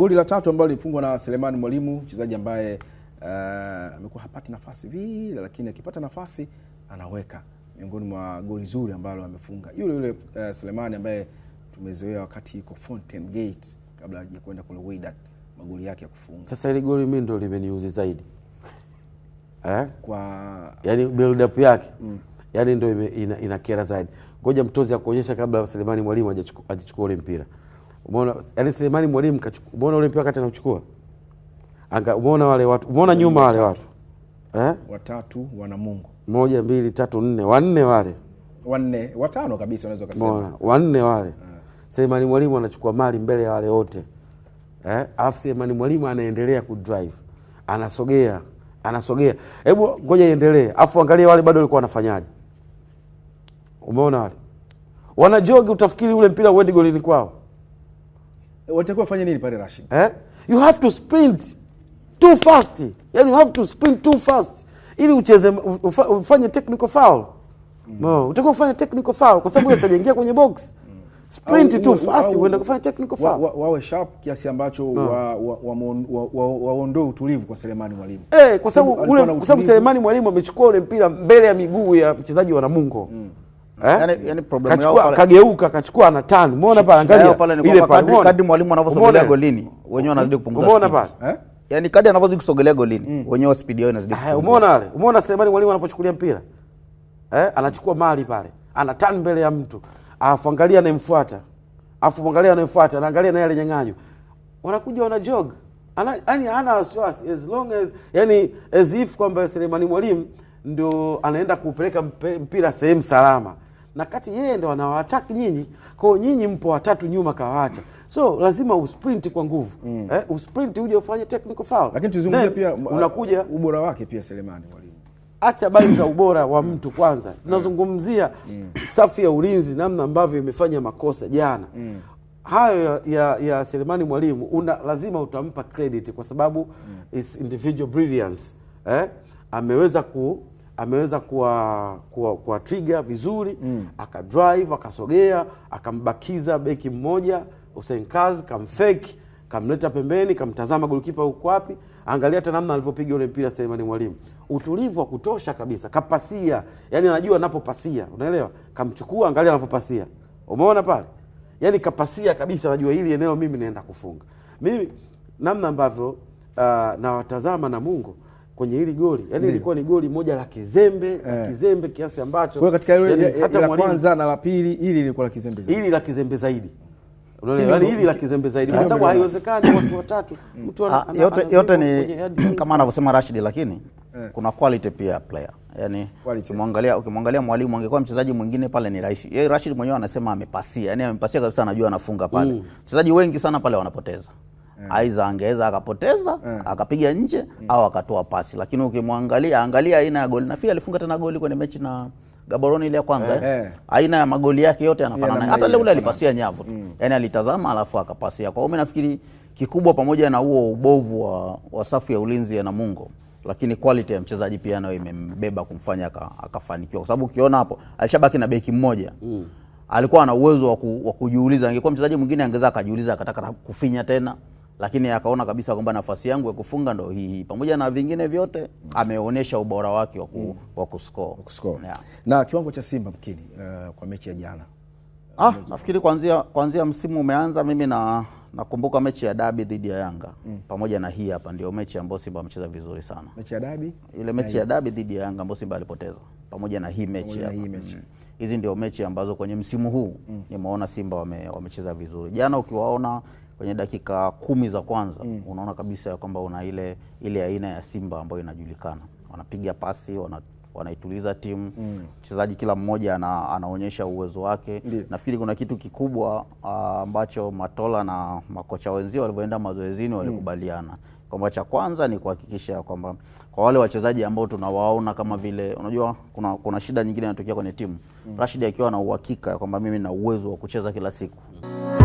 goli la tatu ambalo lilifungwa na Selemani Mwalimu, mchezaji ambaye eh, amekuwa uh, hapati nafasi vile, lakini akipata nafasi anaweka, miongoni mwa goli zuri ambalo amefunga yule yule uh, Selemani ambaye tumezoea wakati yuko Fountain Gate kabla ya kwenda kule Wydad magoli yake ya kufunga. Sasa ile goli mimi ndo limeniuzi zaidi eh? Kwa yani build up yake mm. yani ndo inakera ina zaidi. Ngoja mtozi akuonyesha kabla Selemani Mwalimu ajachukua ule mpira. Umeona yani Selemani Mwalimu kachukua. Umeona ule mpira kati anachukua. Anga umeona wale watu. Umeona nyuma wale watu. Eh? Watatu wana Mungu. Moja, mbili, tatu, nne. Wanne wale. Wanne, watano kabisa unaweza kusema. Umeona? Wanne wale. Eh. Selemani Mwalimu anachukua mali mbele ya wale wote. Eh? Alafu Selemani Mwalimu anaendelea ku drive, Anasogea, anasogea. Hebu ngoja iendelee. afu angalia wale bado walikuwa wanafanyaje. Umeona wale? Wanajogi utafikiri ule mpira uende golini kwao walitakiwa wafanye nini pale rushing Eh? You have to sprint too fast. Yani you have to sprint too fast ili ucheze ufa, ufanye technical foul. Mm. No, utakuwa ufanye technical foul kwa sababu usajaingia kwenye box. Sprint too fast uenda kufanya technical foul. Wawe wa, wa sharp kiasi ambacho no. wa wa, wa, wa, wa utulivu kwa Selemani Mwalimu. Eh, kwa sababu kwa sababu Selemani Mwalimu amechukua ule mpira mbele ya miguu ya mchezaji wa Namungo. Mm. Eh? Yaani, yaani kageuka kachukua ana tano. Umeona pale, angalia pale ni kadri mwalimu golini wenyewe wanazidi kupunguza. Umeona pale eh, yani kadri anavyozidi kusogelea golini mm. wenyewe speed yao inazidi eh, kupunguza. Umeona wale, umeona mwalimu anapochukulia mpira eh, anachukua mali pale, ana tano mbele ya mtu, afu angalia afu angalia anaangalia naye alinyang'anywa, wanakuja wana jog ana yani hana wasiwasi as long as yani as if kwamba Selemani mwalimu ndio anaenda kupeleka mpira sehemu salama na kati yeye ndo anawaattack nyinyi, kwao nyinyi mpo watatu nyuma kawaacha, so lazima usprint kwa nguvu mm. Eh, usprint uje ufanye technical foul, lakini tuzungumzie pia uh, unakuja ubora wake pia Selemani mwalimu acha bali za ubora wa mtu kwanza, mm. tunazungumzia mm. safu ya ulinzi, namna ambavyo imefanya makosa jana mm. hayo ya, ya Selemani Mwalimu una lazima utampa credit kwa sababu mm. is individual brilliance eh? ameweza ku ameweza kuwa, kuwa, kuwa trigger vizuri mm. drive akasogea akambakiza beki mmoja Hussein Kazi kamfake kamleta pembeni kamtazama golikipa huko wapi, angalia hata namna alivyopiga ule mpira Selemani Mwalimu, utulivu wa kutosha kabisa, kapasia, yani anajua anapopasia, unaelewa, kamchukua, angalia anapopasia umeona pale, yani kapasia kabisa, anajua hili eneo mimi naenda kufunga. Mimi namna ambavyo uh, nawatazama mungu kwenye hili goli yani, ilikuwa ni goli moja la kizembe eh, la kizembe kiasi ambacho kwa katika ile yaani hata la kwanza na la pili, ili ilikuwa la kizembe zaidi, ili la kizembe zaidi, unaelewa yani ili la kizembe zaidi, kwa sababu haiwezekani watu watatu mm. mtu ana, ah, yote yote ni kama anavyosema Rashid, lakini eh, kuna quality pia player yani, ukimwangalia ukimwangalia mwalimu, angekuwa mchezaji mwingine pale ni rahisi. Yeye Rashid mwenyewe anasema amepasia, yani amepasia kabisa, anajua anafunga pale. Mchezaji mm. wengi sana pale wanapoteza Eh. aiza angeweza akapoteza eh. akapiga nje mm. au akatoa pasi, lakini ukimwangalia, angalia aina ya goli. Nafikiri alifunga tena goli kwenye mechi na gaboroni ile ya kwanza eh, eh. Aina ya magoli yake yote yanafanana, hata ile ule alipasia nyavu tu mm. yaani alitazama alafu akapasia. Kwa hiyo mimi nafikiri kikubwa, pamoja na huo ubovu wa, wa safu ya ulinzi ya Namungo, lakini quality ya mchezaji pia nayo imembeba kumfanya akafanikiwa, kwa sababu ukiona hapo alishabaki na beki mmoja mm. Alikuwa ana uwezo wa kujiuliza, angekuwa mchezaji mwingine angeza akajiuliza akataka kufinya tena lakini akaona kabisa kwamba nafasi yangu ya kufunga ndo hii hii, pamoja na vingine vyote ameonyesha ubora wake wa ku, mm. wa kuscore yeah. Na kiwango cha Simba mkini uh, kwa mechi ya jana ah, nafikiri kuanzia kuanzia msimu umeanza, mimi na nakumbuka mechi ya dabi dhidi ya Yanga mm. pamoja na hii hapa ndio mechi ambayo Simba amecheza vizuri sana. Mechi ya dabi ile mechi ya dabi dhidi ya Yanga ambayo Simba alipoteza pamoja na hii mechi hapa mm. hizi ndio mechi ambazo kwenye msimu huu mm. nimeona Simba wame, wamecheza vizuri. Jana ukiwaona kwenye dakika kumi za kwanza mm. unaona kabisa ya kwamba una ile ile aina ya Simba ambayo inajulikana, wanapiga pasi wana, wanaituliza timu mm. mchezaji mm. kila mmoja ana, anaonyesha uwezo wake Di. Nafikiri kuna kitu kikubwa ah, ambacho uh, Matola na makocha wenzio walivyoenda mazoezini walikubaliana mm. kwamba cha kwanza ni kuhakikisha kwamba kwa wale wachezaji ambao tunawaona kama vile unajua kuna, kuna shida nyingine inatokea kwenye timu mm. Rashid akiwa na uhakika kwamba mimi na uwezo wa kucheza kila siku mm.